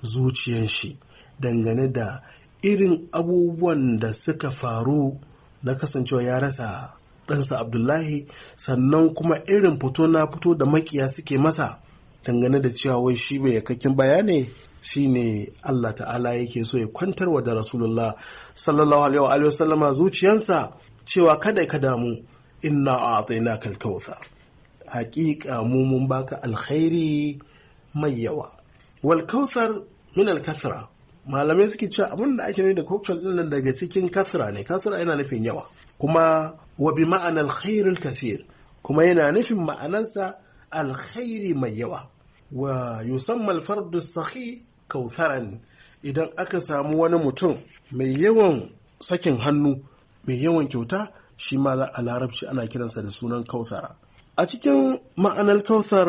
zuciyan shi dangane da irin abubuwan da suka faru na kasancewa ya rasa ɗansa abdullahi sannan kuma irin fito na fito da makiya suke masa dangane da cewa wai shi bai yakakkin baya ne shine Allah ta'ala yake so ya kwantarwa da rasulullah sallallahu alaihi wa sallama zuciyansa cewa kada ka damu inna a kalkauta Haƙiƙa mu mun baka alkhairi mai yawa wal kautsar min al kasra malamai suke cewa abin da ake nufi da kokal din nan daga cikin kasra ne kasra yana nufin yawa kuma wa bi ma'ana alkhairul kasir kuma yana nufin ma'anarsa alkhairi mai yawa wa yusamma alfardu sahi ne, idan aka samu wani mutum mai yawan sakin hannu mai yawan kyauta shi ma a larabci ana kiransa da sunan kautsara a cikin ma'anar kausar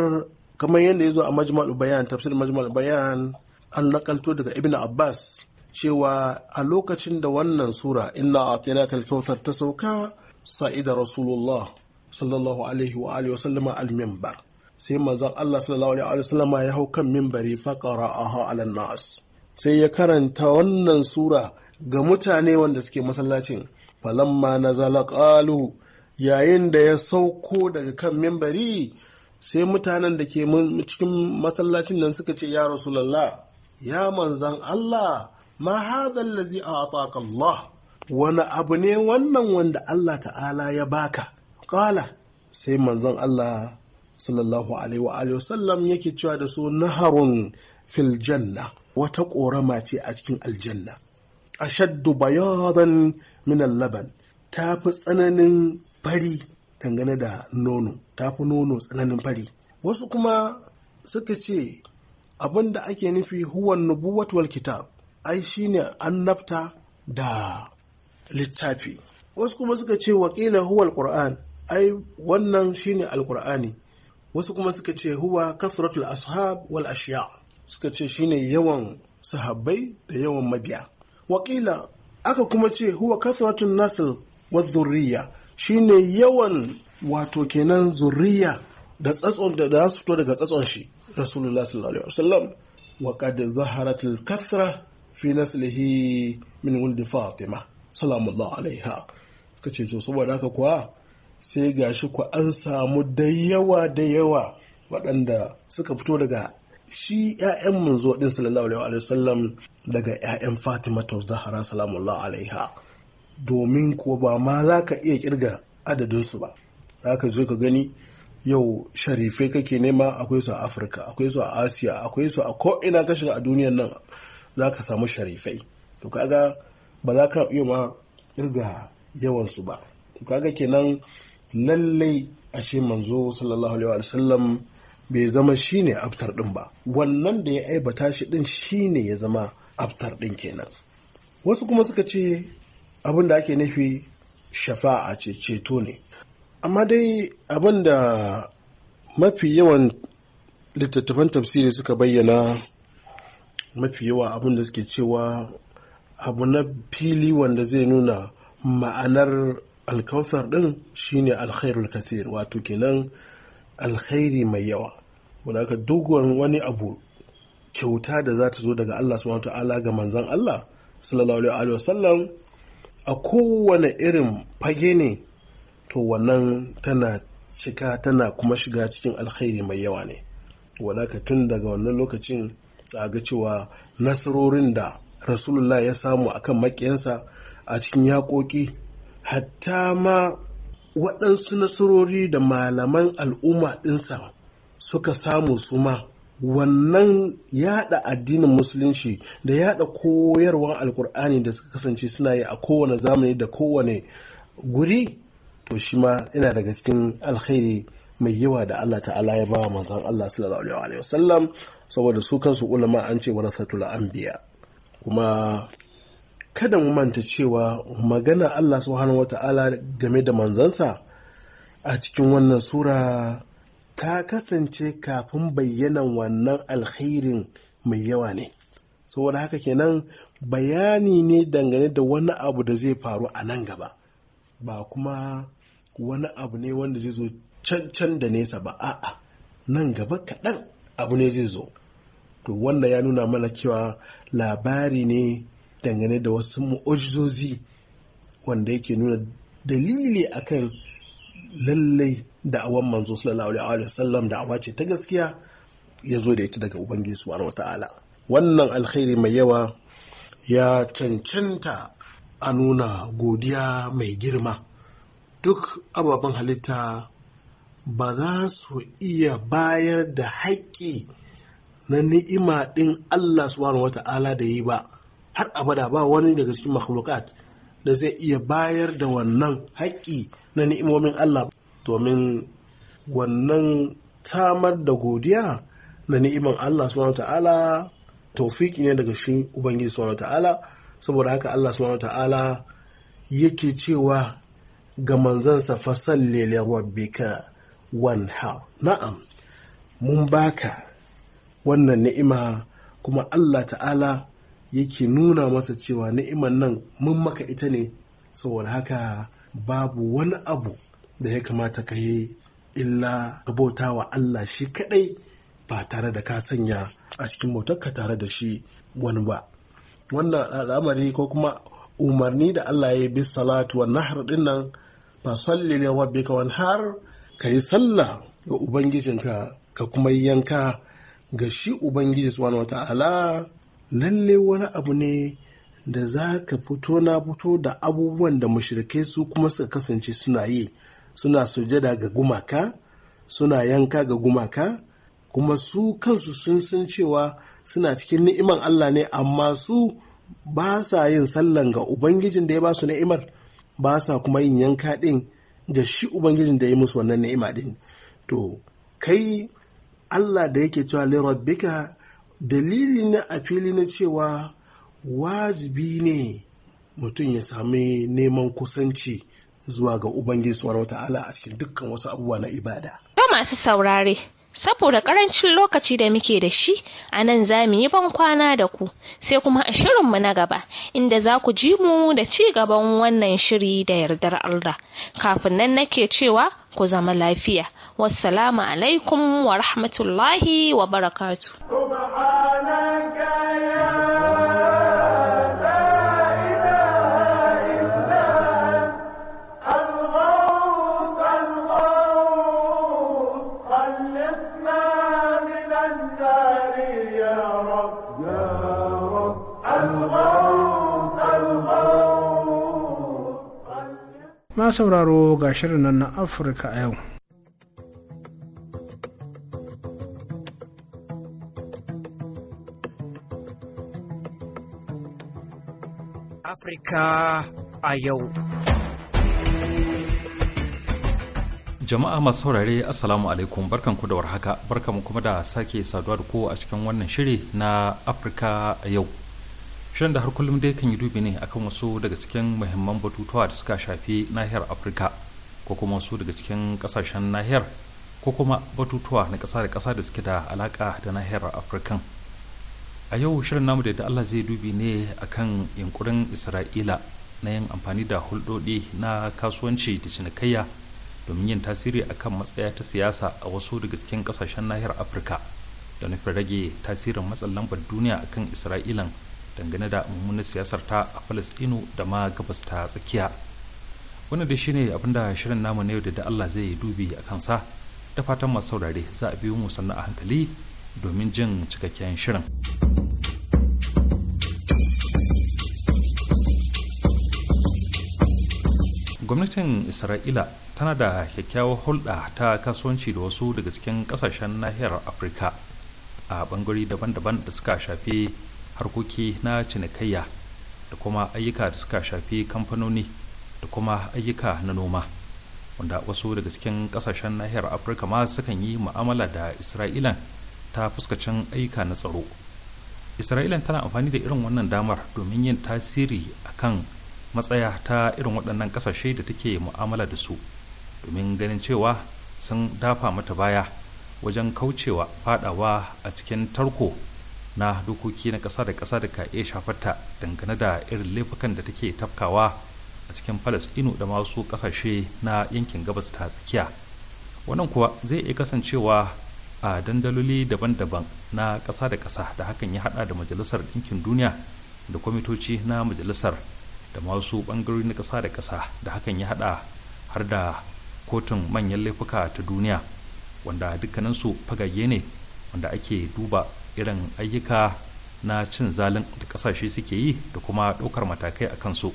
kamar yadda ya zo a majmal bayan tafsir majmal bayan an nakalto daga ibn abbas cewa a lokacin da wannan sura inna atinaka al-kautsar ta sauka sa'ida rasulullah sallallahu alaihi wa alihi wasallama al mimbar sai manzon Allah sallallahu alaihi wa sallama ya hau kan minbari faqara'aha ala nas sai ya karanta wannan sura ga mutane wanda suke masallacin falamma nazala qalu yayin da ya sauko daga kan membari sai mutanen da ke cikin masallacin nan suka ce ya rasulallah ya manzan Allah ma hadhal ladzi a'taka Allah wani abu ne wannan wanda Allah ta'ala ya baka Ƙala sai manzan Allah sallallahu alaihi wa alihi wasallam yake cewa da su naharun fil janna wata ƙorama ce a cikin aljanna ashaddu bayadan min laban ta fi tsananin fari dangane da nono ta fi nono tsananin fari wasu kuma suka ce abin da ake nufi huwan nubuwat wal kitab ai an nafta da littafi wasu kuma suka ce wakila huwa alquran ai wannan shine alqur'ani wasu kuma suka ce huwa kasratul ashab wal ashiya suka ce shine yawan sahabbai da yawan mabiya wakila aka kuma ce huwa kasratun nasl wa zurriya. shine yawan wato kenan zuriya da tsatson da za su fito daga tsatson shi rasulullah sallallahu alaihi wasallam wa qad zaharat al kathra fi naslihi min wuldi fatima salamu alaiha kace to saboda haka kuwa sai gashi ku an samu da yawa da yawa waɗanda suka fito daga shi ƴaƴan manzo din sallallahu alaihi wasallam daga ƴaƴan fatima to zahara salamu alaiha domin kuwa ba ma za ka iya kirga su ba za ka zo ka gani yau sharifai kake nema akwai su a afirka akwai su a asiya akwai su a ko'ina ka shiga a duniyar nan za ka samu sharifai to kaga ba za ka iya ma kirga yawansu ba to kaga kenan lallai ashe manzo sallallahu alaihi wa sallam bai zama shine aftar din ba wannan da ya aibata shi din ne ya zama aftar din kenan wasu kuma suka ce abin da ake nufi shafa'a ce ceto ne amma dai abin da mafi yawan littattafan tafsiri suka bayyana mafi yawa abin da suke cewa abu na fili wanda zai nuna ma'anar alkautar ɗin shine alkhairul kathir wato kenan alkhairi mai yawa wanda aka dogon wani abu kyauta da za ta zo daga Allah subhanahu ta'ala ga manzon Allah sallallahu alaihi wasallam a kowane irin fage ne to wannan tana cika tana kuma shiga cikin alkhairi mai yawa ne wadaka tun daga wannan lokacin a ga cewa nasarorin da rasulullah ya samu a kan makiyansa a cikin yaƙoƙi hatta ma waɗansu nasarori da malaman al'umma ɗinsa suka samu su ma wannan yaɗa addinin musulunci da yaɗa koyarwar alkur'ani da suka kasance suna yi a kowane zamani da kowane guri to shi ma yana daga cikin alkhairi mai yawa da Allah ta'ala ya bawa manzon Allah sallallahu alaihi wasallam saboda su kansu ulama an ce warasatul biya. kuma kada mu manta cewa magana Allah subhanahu wata'ala game da manzansa a cikin wannan sura ka kasance kafin bayyanan wannan alkhairin mai yawa ne saboda haka kenan bayani ne dangane da wani abu da zai faru a nan gaba ba kuma wani abu ne wanda zai zo can da nesa ba a'a nan gaba kaɗan abu ne zai zo to wanda ya nuna mana cewa labari ne dangane da wasu mu'ujizozi wanda yake nuna dalili akan lallai Da da'awan manzo sallallahu alaihi da da'awa ce ta gaskiya ya zo da ita daga ubangiji subhanahu wata'ala wannan alkhairi mai yawa ya cancanta a nuna godiya mai girma duk ababen halitta ba za su iya bayar da haƙƙi na ni'ima ɗin Allah subhanahu wata'ala da yi ba har abada ba wani daga cikin makhlukat da zai iya bayar da wannan haƙƙi na ni'imomin Allah domin wannan samar da godiya na ni'iman Allah subhanahu ta'ala taufiki ne daga shi ubangiji subhanahu ta'ala saboda haka Allah subhanahu ta'ala yake cewa ga manzansa fasalli li rabbika wanhar na'am mun baka wannan ni'ima kuma Allah ta'ala yake nuna masa cewa ni'iman nan mun maka ita ne saboda haka babu wani abu da ya kamata ka yi illa ka bauta wa Allah shi kaɗai ba tare da ka sanya a cikin motarka tare da shi wani ba wannan al'amari ko kuma umarni da Allah ya bi salatu wa nahar din nan ba salli bi kawan har ka yi sallah ga ubangijinka ka kuma yi yanka ga shi ubangiji subhanahu wata'ala lalle wani abu ne da za ka fito na fito da abubuwan da mashirikai su kuma suka kasance suna yi suna sujada ga gumaka suna yanka ga gumaka kuma su kansu sun san cewa suna cikin ni'iman Allah ne amma su ba sa yin sallan ga ubangijin da ya ba su ni'imar ba sa kuma yin yanka din ga shi ubangijin da ya musu wannan ni'ima din to kai Allah da yake cewa rabbika dalili na a fili na cewa wajibi ne mutum ya sami neman kusanci zuwa ga Ubangiji subhanahu Ta'ala a cikin dukkan wasu abubuwa na ibada. Ba masu saurare, saboda karancin lokaci da muke da shi, a nan za mu yi ban kwana da ku, sai kuma a shirinmu na gaba, inda za ku ji mu da ci gaban wannan shiri da yardar Allah. Kafin nan nake cewa ku zama lafiya. Wassalamu alaikum wa rahmatullahi wa barakatu. ma sauraro ga shirin nan na afirka a yau Afirka a Jama'a masu saurare Assalamu alaikum ku da warhaka barkan kuma da sake saduwa da ku a cikin wannan shiri na Afirka a yau. shirin da har kullum dai kan yi dubi ne akan wasu daga cikin muhimman batutuwa da suka shafi nahiyar afirka ko kuma wasu daga cikin kasashen nahiyar ko kuma batutuwa na kasa da kasa da suke da alaka da nahiyar afirkan a yau shirin namu da allah zai dubi ne akan yunkurin isra'ila na yin amfani da hulɗoɗi na kasuwanci da cinikayya domin yin tasiri akan matsaya ta siyasa a wasu daga cikin kasashen nahiyar afirka da nufin rage tasirin matsalan lambar duniya akan isra'ilan dangane da mummunar siyasar ta a falastinu da ma gabas ta tsakiya wannan da shine abin da shirin namu na yau da allah zai yi dubi a kansa da fatan masu saurare za a biyo mu sannan a hankali domin jin cikakken shirin gwamnatin isra'ila tana da kyakkyawar hulɗa ta kasuwanci da wasu daga cikin ƙasashen nahiyar afirka a bangare daban-daban da suka shafi harkoki na cinikayya da kuma ayyuka da suka shafi kamfanoni da kuma ayyuka na noma wanda wasu daga cikin kasashen nahiyar afirka ma sukan yi mu'amala da isra'ilan ta fuskacin ayyuka na tsaro isra'ilan tana amfani da irin wannan damar domin yin tasiri akan matsaya ta irin waɗannan kasashe da take mu'amala da su domin ganin cewa sun dafa mata baya wajen kaucewa fadawa a cikin tarko na dokoki na ƙasa da ƙasa da ka iya shafarta dangane da irin laifukan da take tafkawa a cikin falasɗinu da masu ƙasashe na yankin gabas ta tsakiya wannan kuwa zai iya kasancewa a dandaloli daban-daban na ƙasa da ƙasa da hakan ya haɗa da majalisar ɗinkin duniya da kwamitoci na majalisar da masu ɓangarori na ƙasa da ƙasa da hakan ya haɗa har da kotun manyan laifuka ta duniya wanda dukkaninsu fagage ne wanda ake duba irin ayyuka na cin zalin da kasashe suke yi da kuma ɗaukar matakai a kansu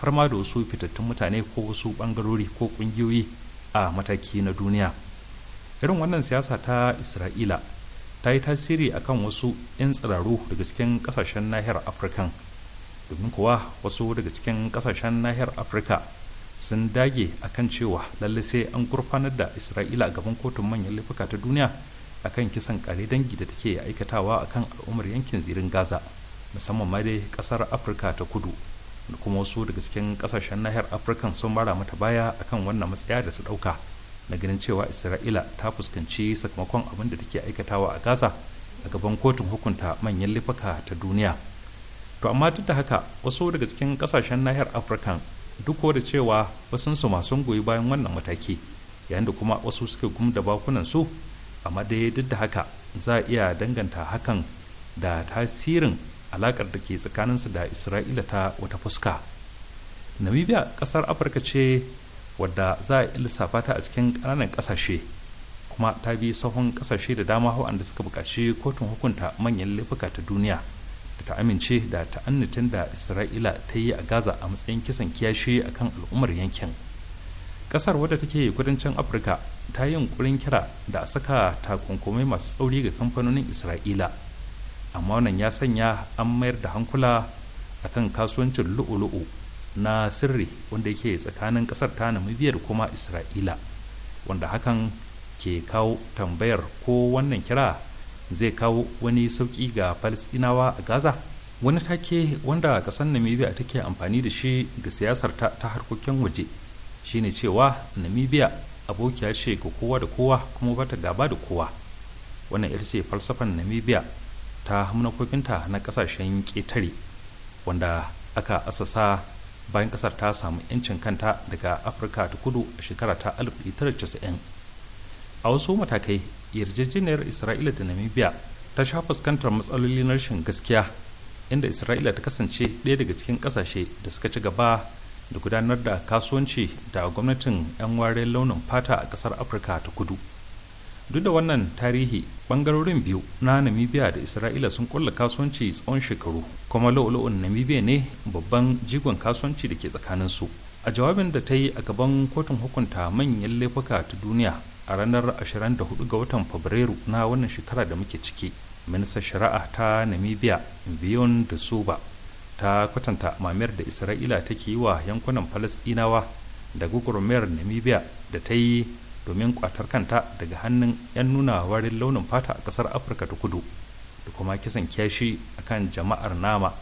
har ma da wasu fitattun mutane ko wasu ɓangarori ko ƙungiyoyi a mataki na duniya irin wannan siyasa ta isra'ila ta yi tasiri a kan wasu 'yan tsiraru daga cikin ƙasashen nahiyar afirkan domin kuwa wasu daga cikin ƙasashen nahiyar afirka sun dage akan cewa lallai sai an gurfanar da isra'ila a gaban kotun manyan laifuka ta duniya akan kisan kare dangi da take aikatawa a kan al'ummar yankin zirin gaza musamman ma dai kasar afirka ta kudu da kuma wasu daga cikin kasashen nahiyar afirka sun mara mata baya akan wannan matsaya da ta dauka na ganin cewa isra'ila ta fuskanci sakamakon abin da take aikatawa a gaza a gaban kotun hukunta manyan laifuka ta duniya to amma duk da haka wasu daga cikin kasashen nahiyar afirka duk da cewa wasu su masu goyi bayan wannan mataki yayin da kuma wasu suka gumda bakunan su amma dai duk da haka za a iya danganta hakan da tasirin alakar da ke tsakaninsu da isra'ila ta wata fuska namibia kasar afirka ce wadda za a lissafa ta a cikin ƙananan ƙasashe kuma ta bi sahun ƙasashe da dama waɗanda suka buƙaci kotun hukunta manyan laifuka ta duniya da ta amince da ta'annitin da isra'ila ta yi a gaza a matsayin kisan kiyashe akan al'ummar yankin ƙasar wadda take kudancin afirka ta yi yunkurin kira da a saka takunkumai masu tsauri ga kamfanonin isra'ila amma wannan ya sanya an mayar da hankula a kan kasuwancin lu'ulu'u na sirri wanda yake tsakanin kasar ta namibiyar kuma isra'ila wanda hakan ke kawo tambayar ko wannan kira zai kawo wani sauƙi ga falasɗinawa a gaza wani take wanda ƙasar namibia take amfani da shi ga siyasar ta, ta harkokin waje shine cewa namibia abokiya ce ga kowa da kowa kuma ba ta gaba da kowa wannan ita ce falsafar namibia ta hamnakokinta na kasashen ƙetare wanda aka asasa bayan kasar ta samu 'yancin kanta daga afirka ta kudu a shekara ta 1990 a wasu matakai yarjejeniyar isra'ila da namibia ta sha fuskantar matsaloli na rashin gaskiya inda isra'ila ta kasance ɗaya daga cikin ƙasashe da suka ci gaba da gudanar da kasuwanci da gwamnatin 'yan ware launin fata a kasar afirka ta kudu duk da wannan tarihi bangarorin biyu na namibia da isra'ila sun kulla kasuwanci tsawon shekaru kuma la'u-la'un namibia ne babban jigon kasuwanci da ke tsakaninsu a jawabin da ta yi a gaban kotun hukunta manyan laifuka ta duniya a ranar 24 ga watan fabrairu na wannan shekara da muke ciki ministan shari'a ta namibia biyon da suba ta kwatanta mamayar da isra'ila take yi wa yankunan falasɗinawa da gugurmayar namibia da ta yi domin kwatar kanta daga hannun 'yan nuna warin launin fata a kasar afirka ta kudu da kuma kisan kyashi a kan jama'ar nama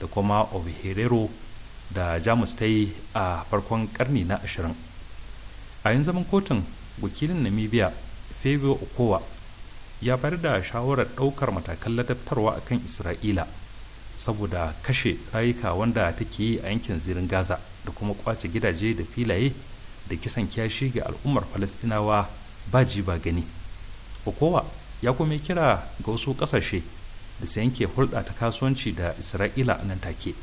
da kuma obiherero da jamus ta yi a farkon karni na ashirin a yin zaman kotun wakilin namibia fabio okowa ya bayar da shawarar daukar matakan ladabtarwa kan isra'ila saboda kashe rayuka wanda take yi a yankin zirin gaza da kuma kwace gidaje da filaye da kisan kyashi ga al'ummar falastinawa ba ji ba gani kowa ya kuma kira ga wasu kasashe da su yanke hulɗa ta kasuwanci da isra'ila nan take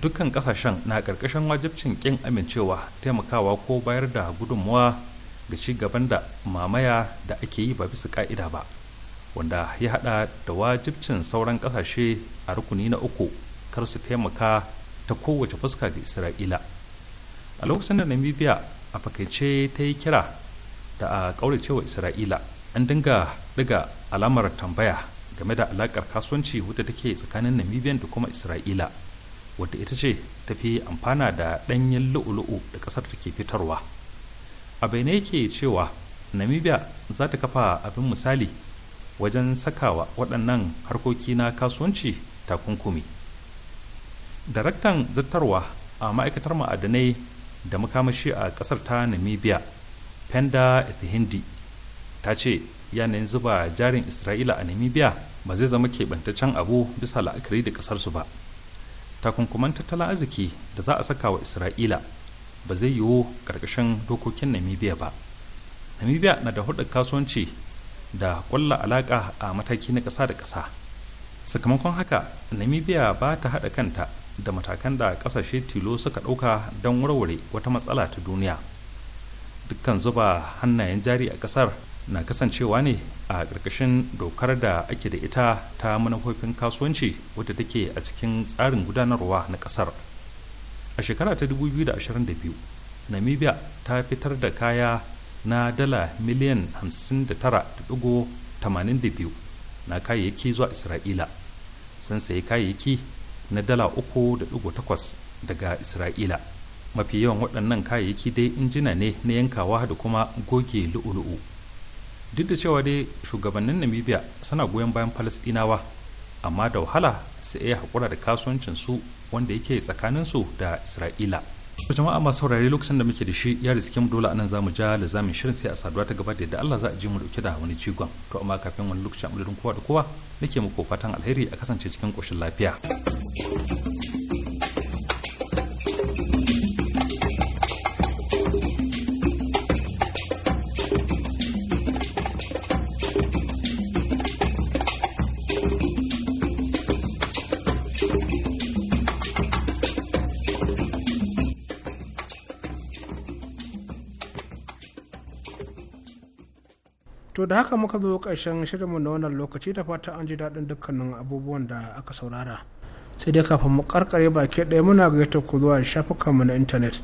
dukkan kasashen na ƙarƙashin wajibcin ƙin amincewa taimakawa ko bayar da gudunmuwa ga ci gaban da mamaya da ake yi ba bisa ƙa'ida ba wanda ya hada da wajibcin sauran kasashe a rukuni na uku kar su taimaka ta kowace fuska ga isra'ila a lokacin da namibia a fakaice ta yi kira da a kauracewa isra'ila an dinga daga alamar tambaya game da alakar kasuwanci wadda take tsakanin namibian da kuma isra'ila wadda ita ce tafi amfana da ɗanyen lu'ulu'u da ƙasar take fitarwa a bayyane yake cewa namibia za ta kafa abin misali wajen sakawa waɗannan harkoki na kasuwanci takunkumi daraktan zartarwa a ma'aikatar ma'adanai da makamashi a ƙasar ta namibia penda ethihindi ta ce yanayin zuba jarin isra'ila a namibia ba zai zama keɓantaccen abu bisa la'akari da ƙasarsu ba takunkuman tattalin arziki da za a saka wa isra'ila ba zai yiwu ƙarƙashin dokokin namibia ba namibia na da hudar kasuwanci da ƙwalla alaƙa a mataki na ƙasa da ƙasa sakamakon haka namibia ba ta haɗa kanta da matakan da ƙasashe tilo suka ɗauka don warware wata matsala ta duniya dukkan zuba hannayen jari a ƙasar na kasancewa ne a ƙarƙashin dokar da ake da ita ta manufofin kasuwanci wadda take a cikin tsarin gudanarwa na ƙasar a shekara ta 2022 namibia ta fitar da kaya na dala miliyan 59.82 na kayayyaki zuwa isra'ila sun sayi kayayyaki na dala 3.8 daga isra'ila mafi yawan waɗannan kayayyaki dai injina ne na yankawa da kuma goge lu'ulu'u duk da cewa dai shugabannin namibia suna goyon bayan falasɗinawa amma da wahala su iya haƙura da kasuwancinsu su wanda yake tsakaninsu da isra'ila jama'a masu saurari lokacin da muke da shi ya riske mu dole anan zamu ja da zamin shirin sai a saduwa ta gaba da yadda Allah za a ji mu dauke da wani cigon to amma kafin wani lokacin amudurin kowa da kowa nake muku fatan alheri a kasance cikin koshin lafiya. da haka muka zo ƙarshen shirinmu na wannan lokaci da fata an ji daɗin dukkanin abubuwan da aka saurara sai dai kafin mu karkare baki ɗaya muna gaita ku zuwa shafukanmu na intanet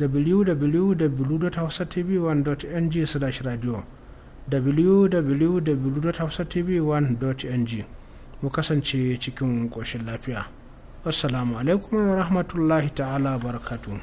www.hausatv1.ng slash radio www.hausatv1.ng mu kasance cikin ƙoshin lafiya assalamu alaikum wa rahmatullahi ta'ala barakatuhu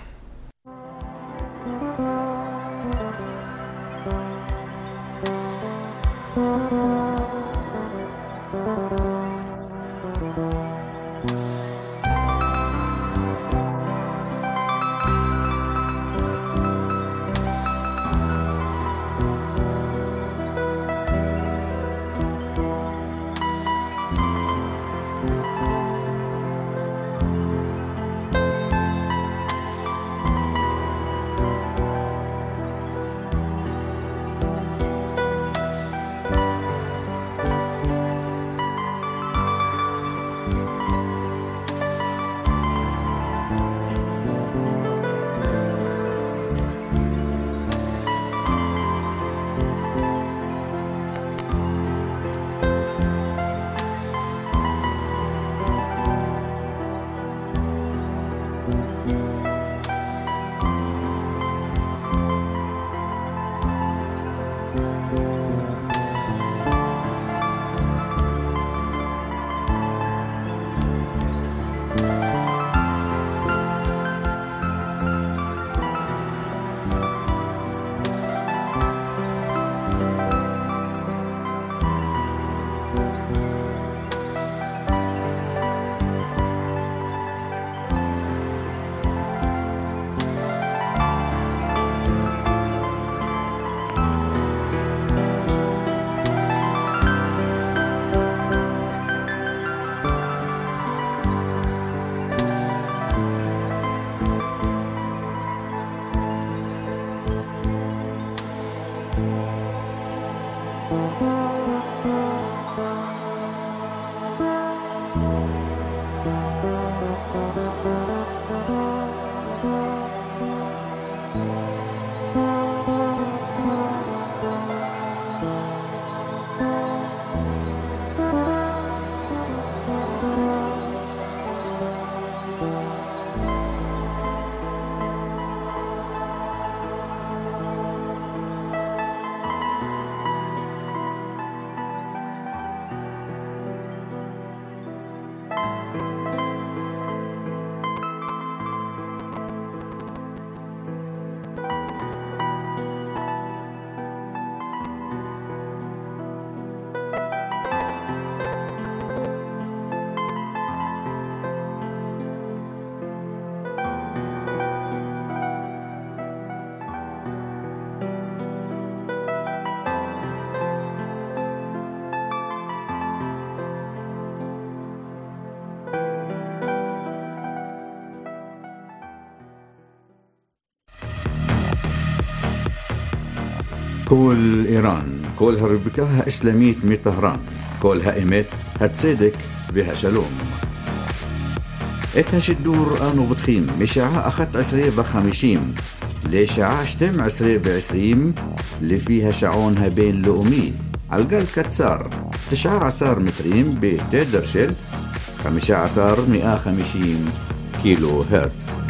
كل إيران كل هربكاها إسلاميت مي طهران كل هائمت هتصدق بها شلوم إتهش الدور آنو بتخيم مشاعة أخت عسرية بخمشيم لشاعة شتم عسرية بعسريم اللي فيها شعونها بين لؤمي عالقال كتسار تشعاع عسار متريم بتدرشل خمشاع عسار مئة خمشيم كيلو هرتز